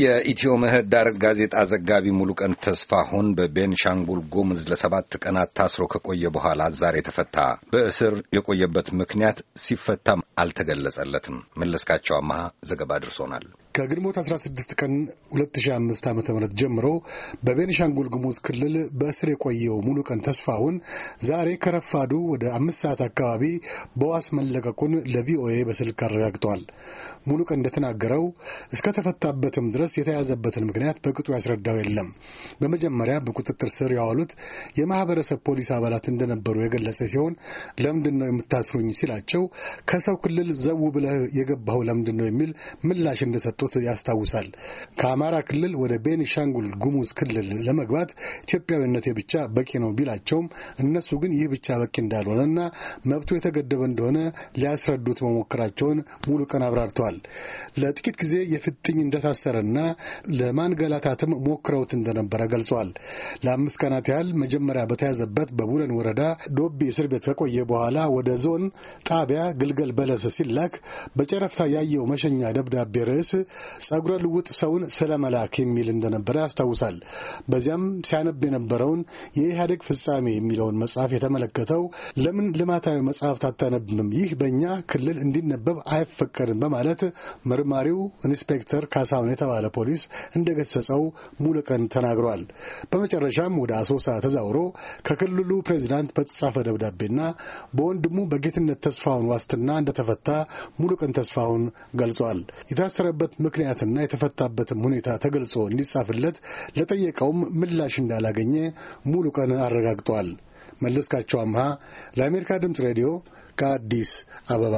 የኢትዮ ምህዳር ጋዜጣ ዘጋቢ ሙሉቀን ተስፋሁን በቤንሻንጉል ጉሙዝ ለሰባት ቀናት ታስሮ ከቆየ በኋላ ዛሬ ተፈታ። በእስር የቆየበት ምክንያት ሲፈታም አልተገለጸለትም። መለስካቸው አመሃ ዘገባ ድርሶናል ከግንቦት 16 ቀን 2005 ዓ ም ጀምሮ በቤንሻንጉል ጉሙዝ ክልል በእስር የቆየው ሙሉቀን ተስፋሁን ዛሬ ከረፋዱ ወደ አምስት ሰዓት አካባቢ በዋስ መለቀቁን ለቪኦኤ በስልክ አረጋግጧል። ሙሉቀን እንደተናገረው እስከተፈታበትም ድረስ የተያዘበትን ምክንያት በቅጡ ያስረዳው የለም። በመጀመሪያ በቁጥጥር ስር ያዋሉት የማህበረሰብ ፖሊስ አባላት እንደነበሩ የገለጸ ሲሆን ለምንድን ነው የምታስሩኝ ሲላቸው ከሰው ክልል ዘው ብለህ የገባኸው ለምንድን ነው የሚል ምላሽ እንደሰጡት ያስታውሳል። ከአማራ ክልል ወደ ቤኒሻንጉል ጉሙዝ ክልል ለመግባት ኢትዮጵያዊነቴ ብቻ በቂ ነው ቢላቸውም እነሱ ግን ይህ ብቻ በቂ እንዳልሆነና መብቱ የተገደበ እንደሆነ ሊያስረዱት መሞከራቸውን ሙሉ ቀን አብራርተዋል። ለጥቂት ጊዜ የፍጥኝ እንደታሰረና ለማንገላታትም ሞክረውት እንደነበረ ገልጿል። ለአምስት ቀናት ያህል መጀመሪያ በተያዘበት በቡለን ወረዳ ዶቢ እስር ቤት ከቆየ በኋላ ወደ ዞን ጣቢያ ግልገል በለስ ሲላክ በጨረፍታ ያየው መሸኛ ደብዳቤ ርዕስ ጸጉረ ልውጥ ሰውን ስለመላክ የሚል እንደነበረ ያስታውሳል። በዚያም ሲያነብ የነበረውን የኢህአዴግ ፍጻሜ የሚለውን መጽሐፍ የተመለከተው ለምን ልማታዊ መጽሐፍት አታነብም? ይህ በእኛ ክልል እንዲነበብ አይፈቀድም በማለት መሰረት መርማሪው ኢንስፔክተር ካሳሁን የተባለ ፖሊስ እንደገሰጸው ሙሉቀን ተናግሯል። በመጨረሻም ወደ አሶሳ ተዛውሮ ከክልሉ ፕሬዚዳንት በተጻፈ ደብዳቤና በወንድሙ በጌትነት ተስፋሁን ዋስትና እንደተፈታ ሙሉቀን ተስፋሁን ገልጿል። የታሰረበት ምክንያትና የተፈታበትም ሁኔታ ተገልጾ እንዲጻፍለት ለጠየቀውም ምላሽ እንዳላገኘ ሙሉቀን አረጋግጧል። መለስካቸው አምሃ ለአሜሪካ ድምፅ ሬዲዮ ከአዲስ አበባ